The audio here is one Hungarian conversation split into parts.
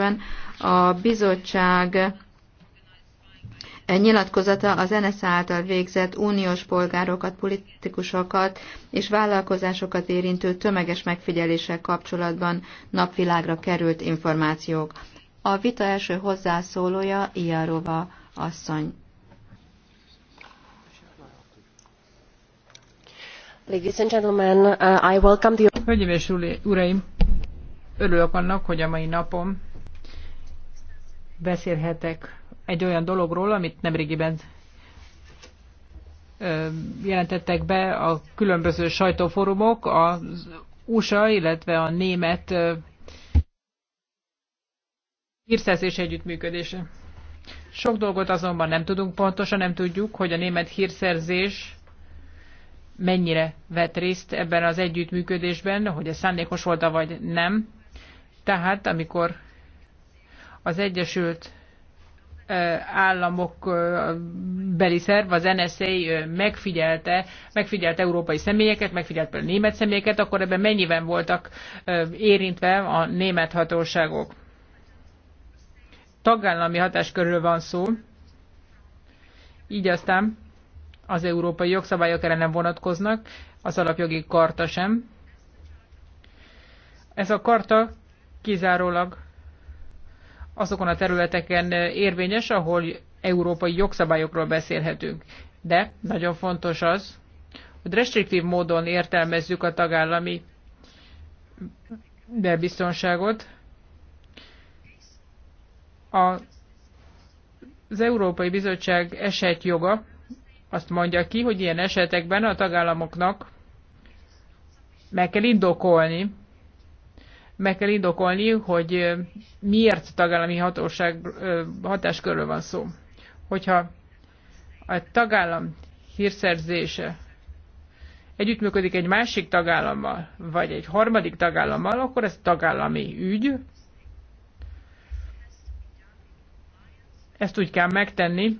illetően a bizottság nyilatkozata az NSZ által végzett uniós polgárokat, politikusokat és vállalkozásokat érintő tömeges megfigyeléssel kapcsolatban napvilágra került információk. A vita első hozzászólója Iarova asszony. Ladies and gentlemen, uh, I welcome the... Hölgyeim és uraim, örülök annak, hogy a mai napon beszélhetek egy olyan dologról, amit nemrégiben jelentettek be a különböző sajtóforumok, az USA, illetve a német hírszerzés együttműködése. Sok dolgot azonban nem tudunk pontosan, nem tudjuk, hogy a német hírszerzés mennyire vett részt ebben az együttműködésben, hogy ez szándékos volt vagy nem. Tehát, amikor az Egyesült államok beli szerv, az NSA megfigyelte, megfigyelt európai személyeket, megfigyelt például német személyeket, akkor ebben mennyiben voltak érintve a német hatóságok? Tagállami hatáskörről van szó, így aztán az európai jogszabályok erre nem vonatkoznak, az alapjogi karta sem. Ez a karta kizárólag azokon a területeken eh, érvényes, ahol európai jogszabályokról beszélhetünk. De nagyon fontos az, hogy restriktív módon értelmezzük a tagállami belbiztonságot. A, az Európai Bizottság esetjoga azt mondja ki, hogy ilyen esetekben a tagállamoknak meg kell indokolni meg kell indokolni, hogy miért tagállami hatóság hatáskörről van szó. Hogyha a tagállam hírszerzése együttműködik egy másik tagállammal, vagy egy harmadik tagállammal, akkor ez tagállami ügy. Ezt úgy kell megtenni,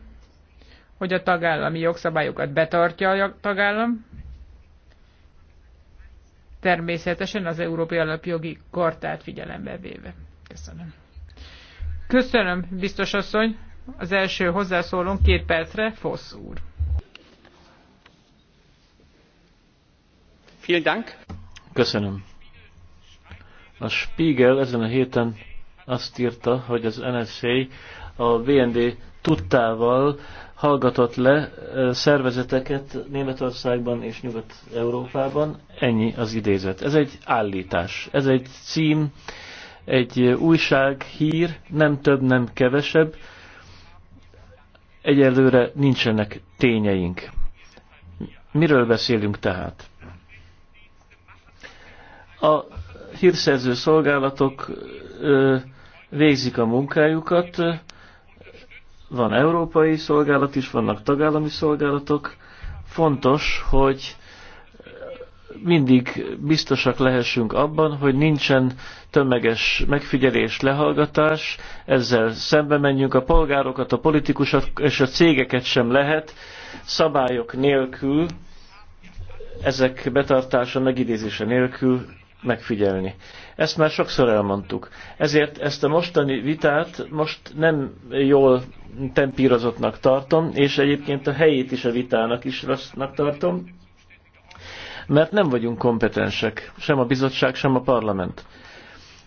hogy a tagállami jogszabályokat betartja a tagállam, természetesen az Európai Alapjogi Kartát figyelembe véve. Köszönöm. Köszönöm, biztos asszony. Az első hozzászólón két percre, Fosz úr. Köszönöm. A Spiegel ezen a héten azt írta, hogy az NSA a vnd tudtával hallgatott le szervezeteket Németországban és Nyugat-Európában. Ennyi az idézet. Ez egy állítás, ez egy cím, egy újság, hír, nem több, nem kevesebb. Egyelőre nincsenek tényeink. Miről beszélünk tehát? A hírszerző szolgálatok végzik a munkájukat, van európai szolgálat is, vannak tagállami szolgálatok. Fontos, hogy mindig biztosak lehessünk abban, hogy nincsen tömeges megfigyelés, lehallgatás, ezzel szembe menjünk a polgárokat, a politikusokat és a cégeket sem lehet szabályok nélkül, ezek betartása, megidézése nélkül megfigyelni. Ezt már sokszor elmondtuk. Ezért ezt a mostani vitát most nem jól tempírozottnak tartom, és egyébként a helyét is a vitának is rossznak tartom, mert nem vagyunk kompetensek, sem a bizottság, sem a parlament.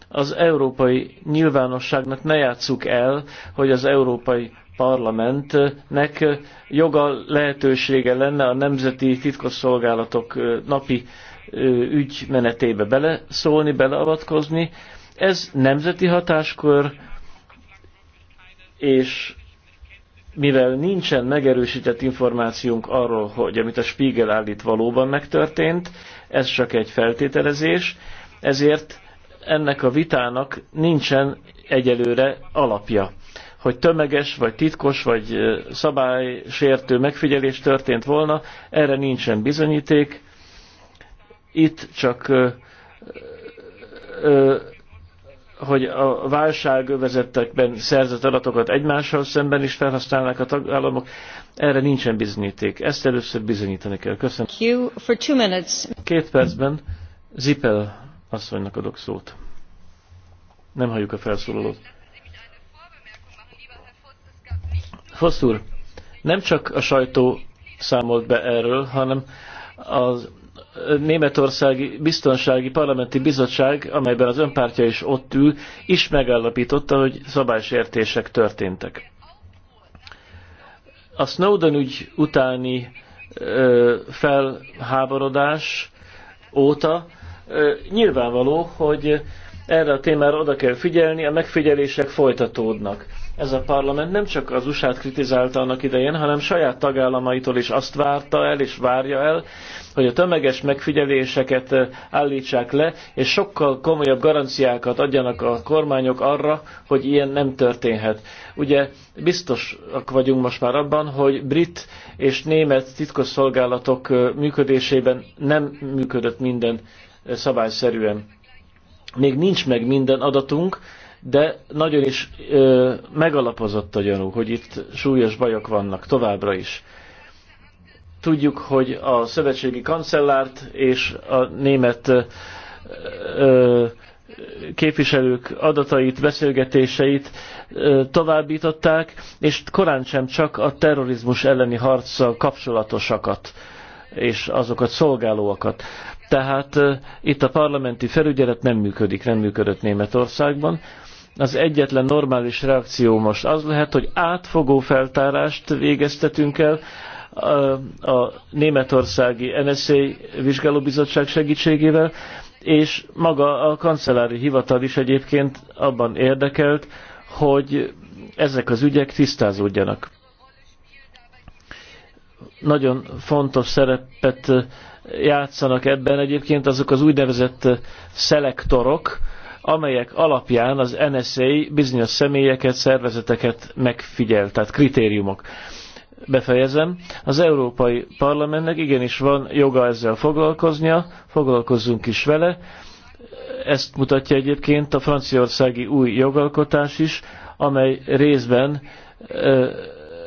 Az európai nyilvánosságnak ne játsszuk el, hogy az európai parlamentnek joga lehetősége lenne a nemzeti titkosszolgálatok napi ügy menetébe beleszólni, beleavatkozni. Ez nemzeti hatáskör, és mivel nincsen megerősített információnk arról, hogy amit a Spiegel állít valóban megtörtént, ez csak egy feltételezés, ezért ennek a vitának nincsen egyelőre alapja. Hogy tömeges, vagy titkos, vagy szabálysértő megfigyelés történt volna, erre nincsen bizonyíték, itt csak hogy a válságövezetekben szerzett adatokat egymással szemben is felhasználnak a tagállamok, erre nincsen bizonyíték. Ezt először bizonyítani kell. Köszönöm. Két percben Zipel asszonynak adok szót. Nem halljuk a felszólalót. Fosz úr, nem csak a sajtó számolt be erről, hanem az Németországi Biztonsági Parlamenti Bizottság, amelyben az önpártja is ott ül, is megállapította, hogy szabálysértések történtek. A Snowden ügy utáni ö, felháborodás óta ö, nyilvánvaló, hogy erre a témára oda kell figyelni, a megfigyelések folytatódnak ez a parlament nem csak az USA-t kritizálta annak idején, hanem saját tagállamaitól is azt várta el és várja el, hogy a tömeges megfigyeléseket eh, állítsák le, és sokkal komolyabb garanciákat adjanak a kormányok arra, hogy ilyen nem történhet. Ugye biztosak vagyunk most már abban, hogy brit és német titkosszolgálatok eh, működésében nem működött minden eh, szabályszerűen. Még nincs meg minden adatunk, de nagyon is ö, megalapozott a gyanú, hogy itt súlyos bajok vannak továbbra is. Tudjuk, hogy a szövetségi kancellárt és a német ö, ö, képviselők adatait, beszélgetéseit ö, továbbították, és korán sem csak a terrorizmus elleni harccal kapcsolatosakat és azokat szolgálóakat. Tehát uh, itt a parlamenti felügyelet nem működik, nem működött Németországban. Az egyetlen normális reakció most az lehet, hogy átfogó feltárást végeztetünk el, a, a németországi NSA vizsgálóbizottság segítségével, és maga a kancellári hivatal is egyébként abban érdekelt, hogy ezek az ügyek tisztázódjanak. Nagyon fontos szerepet játszanak ebben egyébként azok az úgynevezett szelektorok, amelyek alapján az NSA bizonyos személyeket, szervezeteket megfigyel, tehát kritériumok. Befejezem. Az Európai Parlamentnek igenis van joga ezzel foglalkoznia, foglalkozzunk is vele. Ezt mutatja egyébként a franciaországi új jogalkotás is, amely részben ö,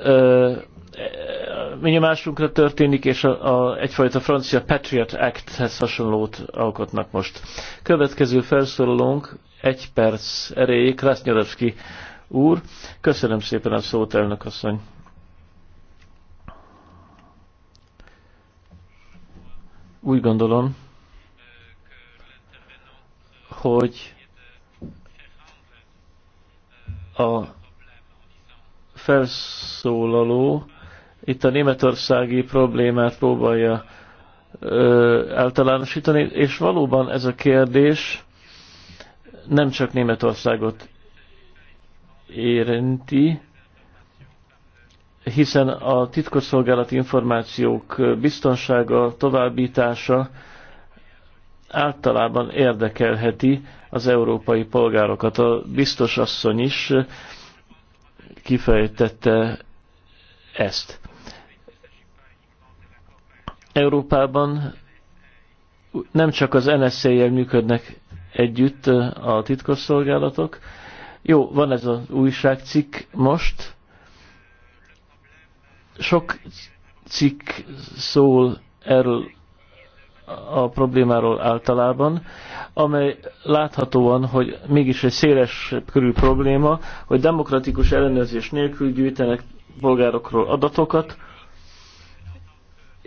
ö, nyomásunkra történik, és a, a, egyfajta francia Patriot Act-hez hasonlót alkotnak most. Következő felszólalónk egy perc erejé, Krasznyarovski úr. Köszönöm szépen a szót, elnök asszony. Úgy gondolom, hogy a felszólaló itt a németországi problémát próbálja ö, általánosítani, és valóban ez a kérdés nem csak Németországot érinti, hiszen a titkosszolgálati információk biztonsága, továbbítása általában érdekelheti az európai polgárokat. A biztos asszony is kifejtette ezt. Európában nem csak az NSZ-jel működnek együtt a titkosszolgálatok. Jó, van ez az újságcikk most. Sok cikk szól erről a problémáról általában, amely láthatóan, hogy mégis egy széles körül probléma, hogy demokratikus ellenőrzés nélkül gyűjtenek polgárokról adatokat,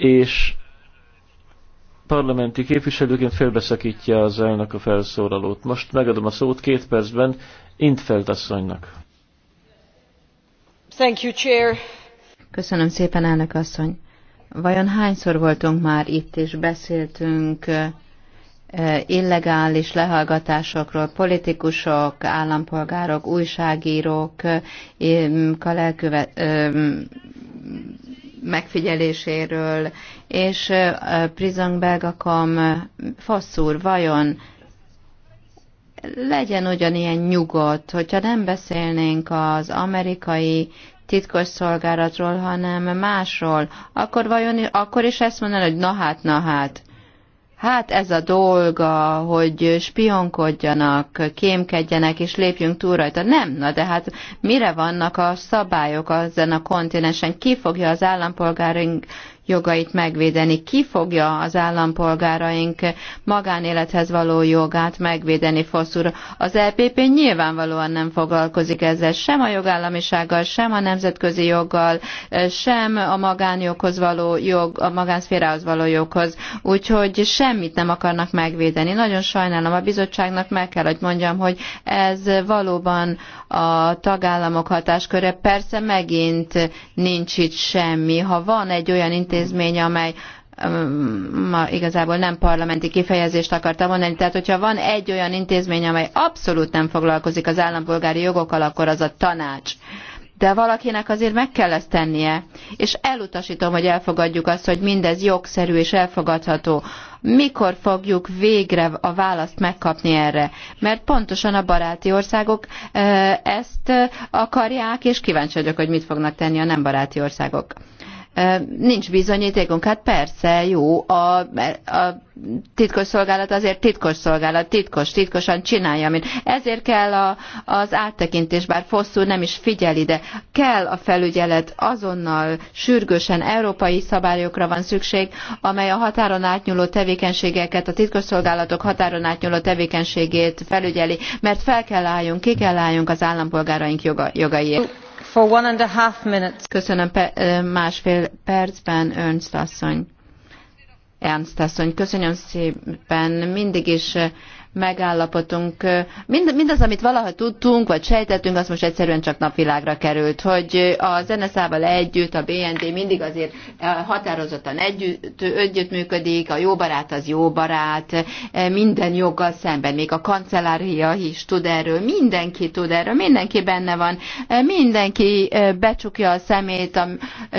és parlamenti képviselőként félbeszakítja az elnök a felszólalót. Most megadom a szót két percben Intfeld asszonynak. Thank you, Chair. Köszönöm szépen, elnök asszony. Vajon hányszor voltunk már itt, és beszéltünk eh, illegális lehallgatásokról, politikusok, állampolgárok, újságírók, eh, eh, megfigyeléséről, és Prizang Belgakam faszúr vajon legyen ugyanilyen nyugodt, hogyha nem beszélnénk az amerikai titkos szolgálatról, hanem másról, akkor vajon akkor is ezt mondaná, hogy na hát, na hát. Hát ez a dolga, hogy spionkodjanak, kémkedjenek és lépjünk túl rajta. Nem, na de hát mire vannak a szabályok ezen a kontinensen? Ki fogja az állampolgáraink jogait megvédeni. Ki fogja az állampolgáraink magánélethez való jogát megvédeni, Foszúr? Az LPP e nyilvánvalóan nem foglalkozik ezzel, sem a jogállamisággal, sem a nemzetközi joggal, sem a magánjoghoz való jog, a magánszférához való joghoz. Úgyhogy semmit nem akarnak megvédeni. Nagyon sajnálom, a bizottságnak meg kell, hogy mondjam, hogy ez valóban a tagállamok hatásköre. Persze megint nincs itt semmi. Ha van egy olyan intézmény, intézmény, amely um, ma igazából nem parlamenti kifejezést akarta mondani. Tehát, hogyha van egy olyan intézmény, amely abszolút nem foglalkozik az állampolgári jogokkal, akkor az a tanács. De valakinek azért meg kell ezt tennie, és elutasítom, hogy elfogadjuk azt, hogy mindez jogszerű és elfogadható. Mikor fogjuk végre a választ megkapni erre? Mert pontosan a baráti országok ezt akarják, és kíváncsi vagyok, hogy mit fognak tenni a nem baráti országok. Nincs bizonyítékunk. Hát persze, jó, a, a titkos szolgálat azért titkos szolgálat, titkos, titkosan csinálja, mint. Ezért kell a, az áttekintés, bár Fosszú nem is figyeli, de Kell a felügyelet azonnal, sürgősen európai szabályokra van szükség, amely a határon átnyúló tevékenységeket, a titkos szolgálatok határon átnyúló tevékenységét felügyeli, mert fel kell álljunk, ki kell álljunk az állampolgáraink joga, jogaiért. Köszönöm másfél percben, Ernst asszony. Ernst asszony, köszönöm szépen. Mindig is megállapotunk. Mind, mindaz, amit valaha tudtunk, vagy sejtettünk, az most egyszerűen csak napvilágra került, hogy a zeneszával együtt, a BND mindig azért eh, határozottan együtt, együttműködik, a jó barát az jó barát, eh, minden joggal szemben, még a kancellária is tud erről, mindenki tud erről, mindenki benne van, eh, mindenki becsukja a szemét, a,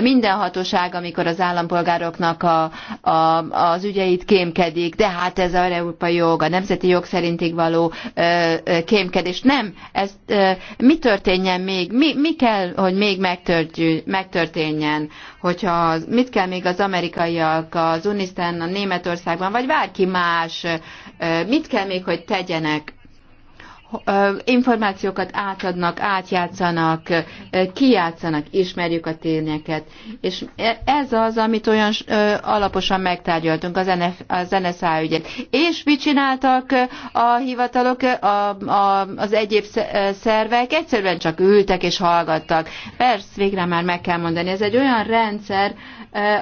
minden hatóság, amikor az állampolgároknak a, a, az ügyeit kémkedik, de hát ez a európai jog, a nemzeti jog szerintig való kémkedés. Nem, ez mi történjen még, mi, mi kell, hogy még megtörténjen, hogyha mit kell még az amerikaiak, az Unisztán, a Németországban, vagy bárki más, mit kell még, hogy tegyenek információkat átadnak, átjátszanak, kijátszanak, ismerjük a tényeket. És e, ez az, amit olyan alaposan megtárgyaltunk az, NF, az NSA ügyet. És mit csináltak a hivatalok, a, a, az egyéb szervek? Egyszerűen csak ültek és hallgattak. Persze, végre már meg kell mondani, ez egy olyan rendszer,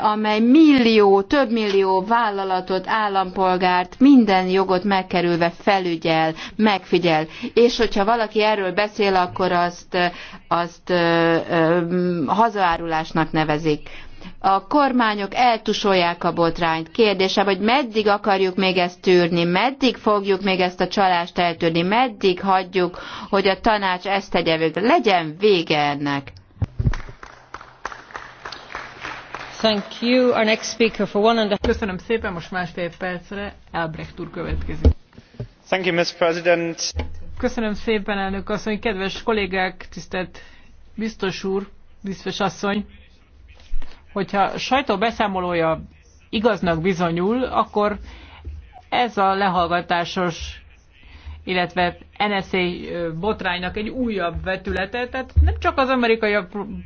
amely millió, több millió vállalatot, állampolgárt, minden jogot megkerülve felügyel, megfigyel és hogyha valaki erről beszél, akkor azt, azt hazaárulásnak nevezik a kormányok eltusolják a botrányt. Kérdése, hogy meddig akarjuk még ezt tűrni, meddig fogjuk még ezt a csalást eltűrni, meddig hagyjuk, hogy a tanács ezt tegye végre. Legyen vége ennek. Thank you. Our next speaker for one and a... Köszönöm szépen, most másfél percre Elbrecht úr következik. Thank you, Ms. President. Köszönöm szépen, elnök asszony, kedves kollégák, tisztelt biztos úr, biztos asszony. Hogyha a sajtó beszámolója igaznak bizonyul, akkor ez a lehallgatásos illetve NSA botránynak egy újabb vetülete. Tehát nem csak az amerikai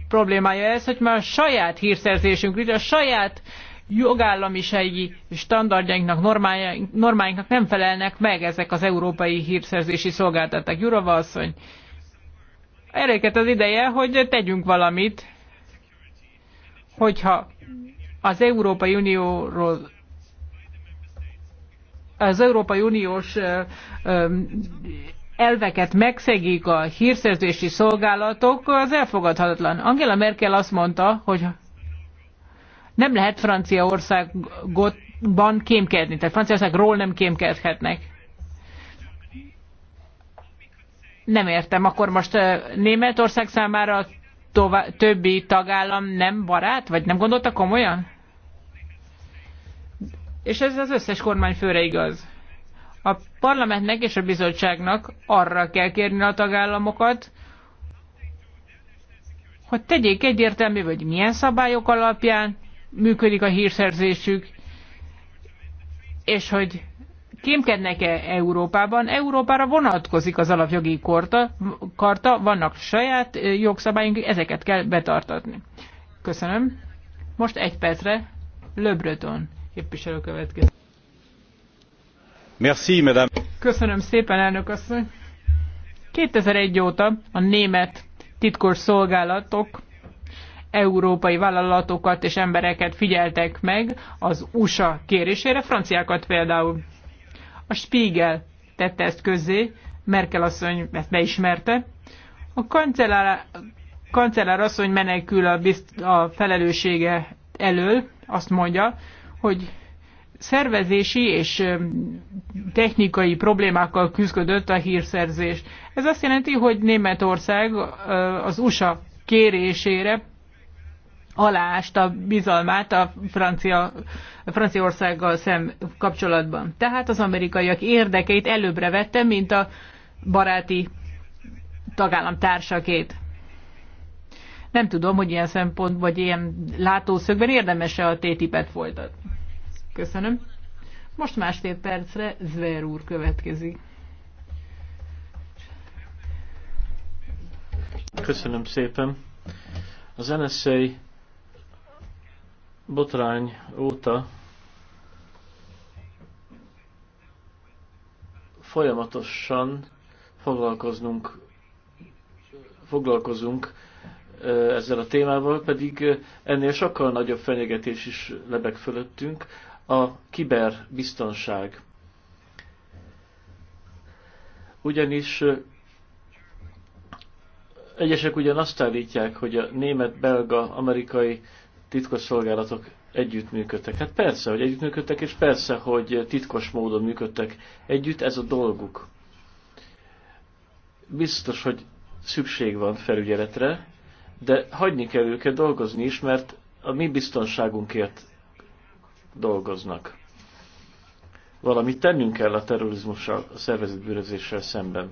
problémája ez, hogy már a saját hírszerzésünk, a saját jogállamisági standardjainknak, normáinknak nem felelnek meg ezek az európai hírszerzési szolgáltatók. Jurova asszony, elérkezett az ideje, hogy tegyünk valamit, hogyha az Európai Unióról az Európai Uniós elveket megszegik a hírszerzési szolgálatok, az elfogadhatatlan. Angela Merkel azt mondta, hogy nem lehet Franciaországban kémkedni, tehát Franciaországról nem kémkedhetnek. Nem értem, akkor most Németország számára a többi tagállam nem barát, vagy nem gondolta komolyan? És ez az összes kormányfőre igaz. A parlamentnek és a bizottságnak arra kell kérni a tagállamokat, hogy tegyék egyértelmű, hogy milyen szabályok alapján működik a hírszerzésük, és hogy kémkednek-e Európában. Európára vonatkozik az alapjogi korta, karta, vannak saját jogszabályunk, ezeket kell betartatni. Köszönöm. Most egy percre Löbröton képviselő következik. Merci, madame. Köszönöm szépen, elnök asszony. 2001 óta a német titkos szolgálatok európai vállalatokat és embereket figyeltek meg az USA kérésére, franciákat például. A Spiegel tette ezt közzé, Merkel asszony ezt beismerte. A kancellár, kancellár asszony menekül a, bizt, a felelőssége elől, azt mondja, hogy szervezési és technikai problémákkal küzdött a hírszerzés. Ez azt jelenti, hogy Németország az USA kérésére aláásta a bizalmát a francia, Franciaországgal szem kapcsolatban. Tehát az amerikaiak érdekeit előbbre vette, mint a baráti tagállam társakét. Nem tudom, hogy ilyen szempont, vagy ilyen látószögben érdemese a TTIP-et folytatni. Köszönöm. Most másfél percre Zver úr következik. Köszönöm szépen. Az NSA botrány óta folyamatosan foglalkoznunk, foglalkozunk ezzel a témával, pedig ennél sokkal nagyobb fenyegetés is lebeg fölöttünk, a kiberbiztonság. Ugyanis egyesek ugyan azt állítják, hogy a német, belga, amerikai titkos szolgálatok együttműködtek. Hát persze, hogy együttműködtek, és persze, hogy titkos módon működtek együtt, ez a dolguk. Biztos, hogy szükség van felügyeletre, de hagyni kell őket dolgozni is, mert a mi biztonságunkért dolgoznak. Valamit tennünk kell a terrorizmussal, a szervezett bűnözéssel szemben.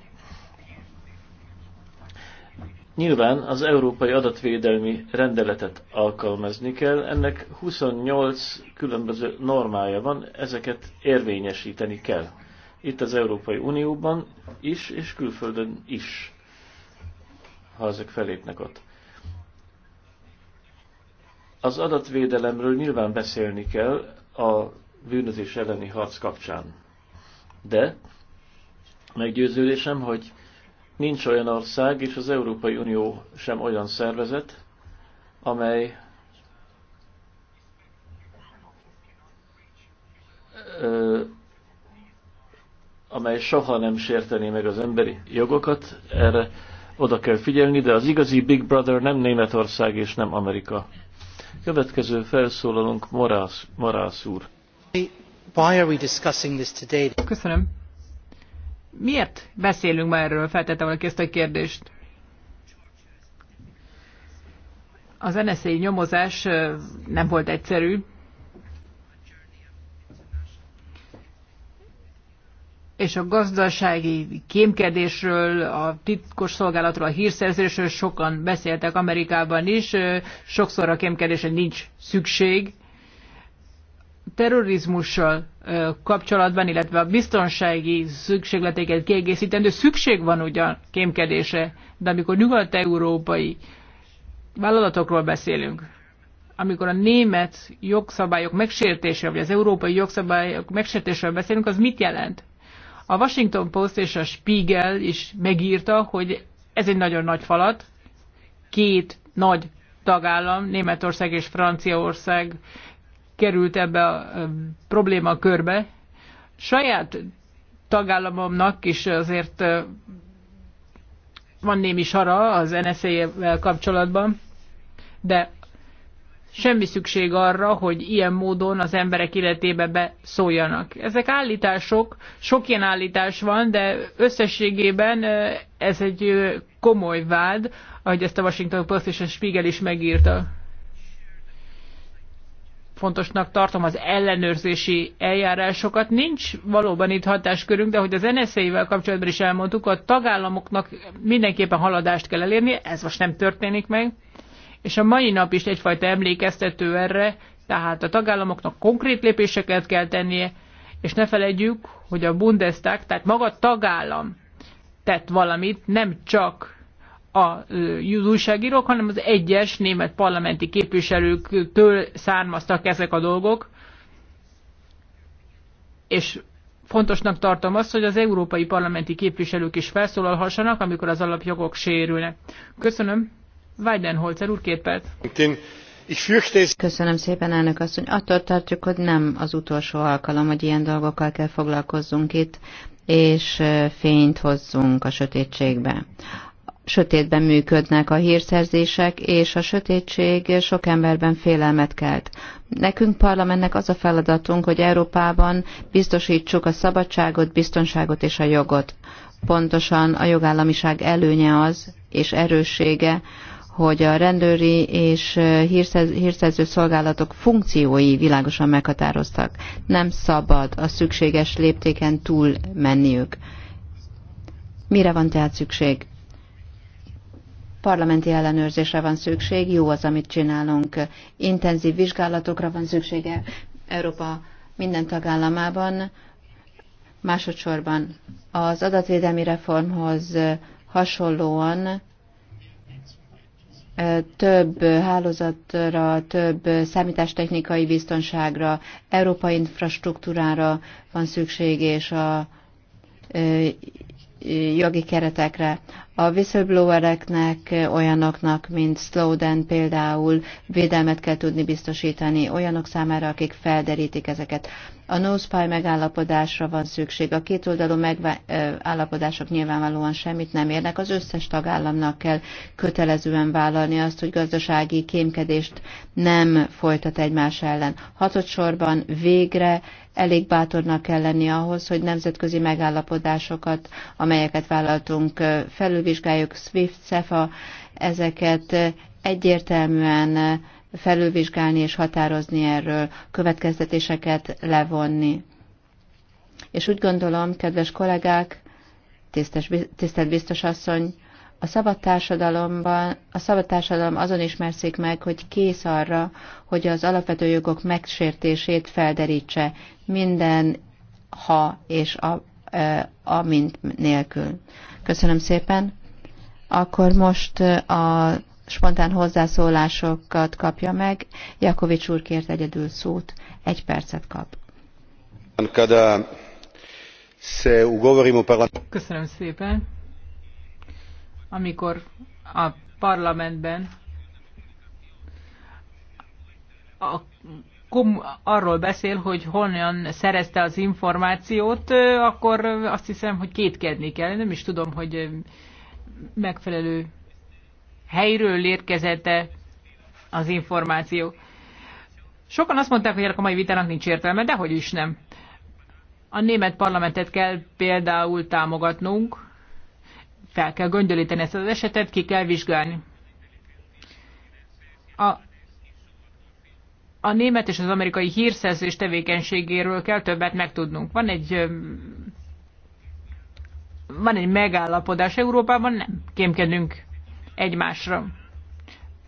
Nyilván az európai adatvédelmi rendeletet alkalmazni kell, ennek 28 különböző normája van, ezeket érvényesíteni kell. Itt az Európai Unióban is, és külföldön is, ha ezek felépnek ott. Az adatvédelemről nyilván beszélni kell a bűnözés elleni harc kapcsán. De meggyőződésem, hogy Nincs olyan ország, és az Európai Unió sem olyan szervezet, amely amely soha nem sértené meg az emberi jogokat, erre oda kell figyelni, de az igazi Big Brother nem Németország és nem Amerika. Következő felszólalunk Morász, Morász úr. Why are we discussing this today? Köszönöm. Miért beszélünk ma erről? Feltette valaki ezt a kérdést. Az NSZ nyomozás nem volt egyszerű. És a gazdasági kémkedésről, a titkos szolgálatról, a hírszerzésről sokan beszéltek Amerikában is. Sokszor a kémkedésre nincs szükség. Terrorizmussal kapcsolatban, illetve a biztonsági szükségleteket kiegészítendő szükség van ugyan kémkedése, de amikor nyugat-európai vállalatokról beszélünk, amikor a német jogszabályok megsértése, vagy az európai jogszabályok megsértéséről beszélünk, az mit jelent? A Washington Post és a Spiegel is megírta, hogy ez egy nagyon nagy falat, két nagy tagállam, Németország és Franciaország került ebbe a probléma körbe. Saját tagállamomnak is azért van némi sara az NSZ-vel kapcsolatban, de semmi szükség arra, hogy ilyen módon az emberek életébe beszóljanak. Ezek állítások, sok ilyen állítás van, de összességében ez egy komoly vád, ahogy ezt a Washington Post és a Spiegel is megírta fontosnak tartom az ellenőrzési eljárásokat. Nincs valóban itt hatáskörünk, de hogy az NSZ-vel kapcsolatban is elmondtuk, a tagállamoknak mindenképpen haladást kell elérni, ez most nem történik meg. És a mai nap is egyfajta emlékeztető erre, tehát a tagállamoknak konkrét lépéseket kell tennie, és ne felejtjük, hogy a Bundestag, tehát maga a tagállam tett valamit, nem csak a újságírók, hanem az egyes német parlamenti képviselőktől származtak ezek a dolgok, és fontosnak tartom azt, hogy az európai parlamenti képviselők is felszólalhassanak, amikor az alapjogok sérülnek. Köszönöm. Weidenholzer úr, két perc. Köszönöm szépen, elnök asszony. Attól tartjuk, hogy nem az utolsó alkalom, hogy ilyen dolgokkal kell foglalkozzunk itt, és fényt hozzunk a sötétségbe sötétben működnek a hírszerzések, és a sötétség sok emberben félelmet kelt. Nekünk parlamentnek az a feladatunk, hogy Európában biztosítsuk a szabadságot, biztonságot és a jogot. Pontosan a jogállamiság előnye az, és erőssége, hogy a rendőri és hírszerző, szolgálatok funkciói világosan meghatároztak. Nem szabad a szükséges léptéken túl menniük. Mire van tehát szükség? parlamenti ellenőrzésre van szükség, jó az, amit csinálunk. Intenzív vizsgálatokra van szüksége Európa minden tagállamában. Másodszorban az adatvédelmi reformhoz hasonlóan több hálózatra, több számítástechnikai biztonságra, európai infrastruktúrára van szükség, és a jogi keretekre a whistleblowereknek, olyanoknak, mint Slowden például védelmet kell tudni biztosítani olyanok számára, akik felderítik ezeket. A no-spy megállapodásra van szükség. A kétoldalú megállapodások nyilvánvalóan semmit nem érnek. Az összes tagállamnak kell kötelezően vállalni azt, hogy gazdasági kémkedést nem folytat egymás ellen. Hatodsorban végre elég bátornak kell lenni ahhoz, hogy nemzetközi megállapodásokat, amelyeket vállaltunk felül felülvizsgáljuk SWIFT, CEFA, ezeket egyértelműen felülvizsgálni és határozni erről, következtetéseket levonni. És úgy gondolom, kedves kollégák, tisztes, tisztelt biztos asszony, a szabad társadalomban, a szabad társadalom azon ismerszik meg, hogy kész arra, hogy az alapvető jogok megsértését felderítse minden ha és a, e, a mint nélkül. Köszönöm szépen. Akkor most a spontán hozzászólásokat kapja meg. Jakovics úr kért egyedül szót. Egy percet kap. Köszönöm szépen. Amikor a parlamentben a arról beszél, hogy honnan szerezte az információt, akkor azt hiszem, hogy kétkedni kell. Nem is tudom, hogy megfelelő helyről érkezette az információ. Sokan azt mondták, hogy a mai vitának nincs értelme, de hogy is nem. A német parlamentet kell például támogatnunk, fel kell göngyölíteni ezt az esetet, ki kell vizsgálni. A a német és az amerikai hírszerzés tevékenységéről kell többet megtudnunk. Van egy van egy megállapodás Európában, nem kémkedünk egymásra.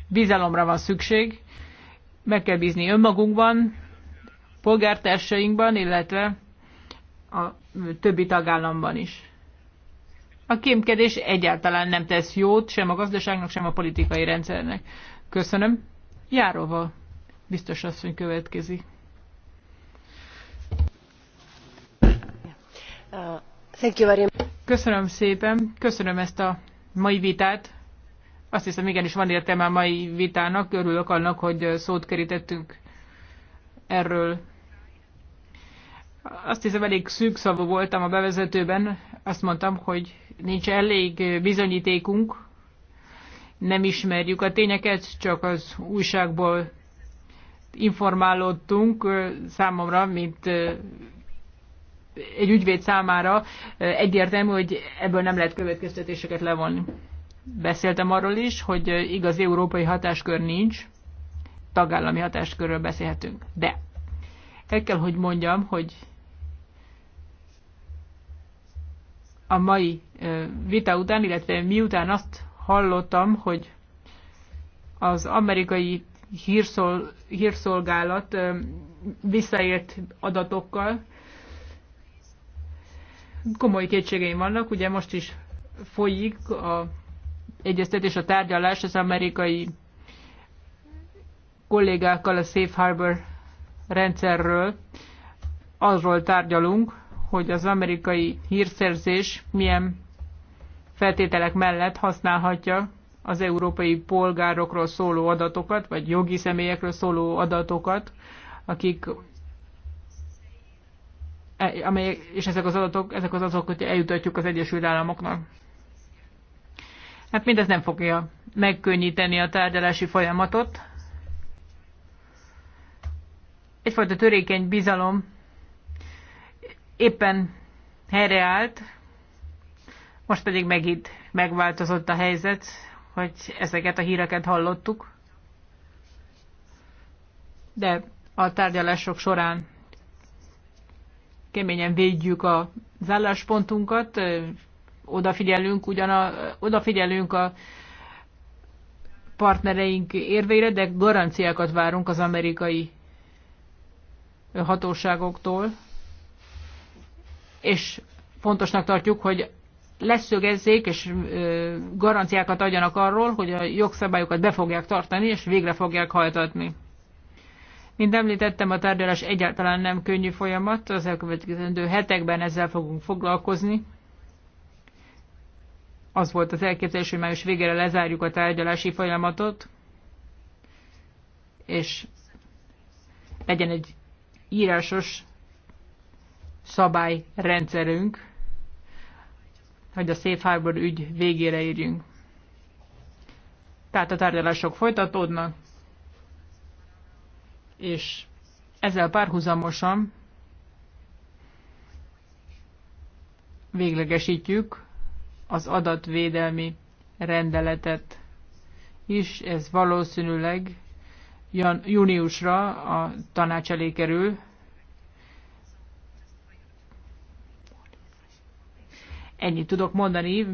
Bizalomra van szükség, meg kell bízni önmagunkban, polgártársainkban, illetve a többi tagállamban is. A kémkedés egyáltalán nem tesz jót sem a gazdaságnak, sem a politikai rendszernek. Köszönöm. Járóval. Biztos asszony következik. Köszönöm szépen, köszönöm ezt a mai vitát. Azt hiszem, igenis van értelme a mai vitának, örülök annak, hogy szót kerítettünk erről. Azt hiszem, elég szava voltam a bevezetőben, azt mondtam, hogy nincs elég bizonyítékunk, nem ismerjük a tényeket, csak az újságból informálódtunk számomra, mint egy ügyvéd számára egyértelmű, hogy ebből nem lehet következtetéseket levonni. Beszéltem arról is, hogy igaz európai hatáskör nincs, tagállami hatáskörről beszélhetünk. De el kell, hogy mondjam, hogy a mai vita után, illetve miután azt hallottam, hogy az amerikai hírszol, hírszolgálat visszaért adatokkal. Komoly kétségeim vannak, ugye most is folyik a egyeztetés, a tárgyalás az amerikai kollégákkal a Safe Harbor rendszerről. azról tárgyalunk, hogy az amerikai hírszerzés milyen feltételek mellett használhatja az európai polgárokról szóló adatokat, vagy jogi személyekről szóló adatokat, akik e, amelyek, és ezek az adatok, ezek az azok, hogy eljutatjuk az Egyesült Államoknak. Hát mindez nem fogja megkönnyíteni a tárgyalási folyamatot. Egyfajta törékeny bizalom éppen helyreállt, most pedig megint megváltozott a helyzet, hogy ezeket a híreket hallottuk, de a tárgyalások során keményen védjük a álláspontunkat, odafigyelünk, ugyan a, odafigyelünk a partnereink érveire, de garanciákat várunk az amerikai hatóságoktól, és fontosnak tartjuk, hogy leszögezzék és garanciákat adjanak arról, hogy a jogszabályokat be fogják tartani és végre fogják hajtatni. Mint említettem, a tárgyalás egyáltalán nem könnyű folyamat, az elkövetkezendő hetekben ezzel fogunk foglalkozni. Az volt az elképzelés, hogy május végére lezárjuk a tárgyalási folyamatot, és legyen egy írásos szabályrendszerünk, hogy a Safe Harbor ügy végére érjünk. Tehát a tárgyalások folytatódnak, és ezzel párhuzamosan véglegesítjük az adatvédelmi rendeletet is, ez valószínűleg júniusra a tanács elé kerül, ennyit tudok mondani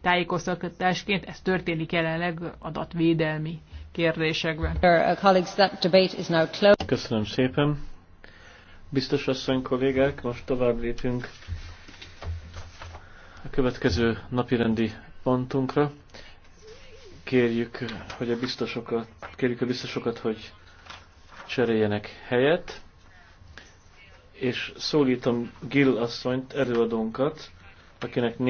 tájékoztatásként, ez történik jelenleg adatvédelmi kérdésekben. Uh, Köszönöm szépen. Biztos asszony kollégák, most tovább lépünk a következő napirendi pontunkra. Kérjük, hogy a biztosokat, kérjük a biztosokat, hogy cseréljenek helyet, és szólítom Gil asszonyt, előadónkat, akinek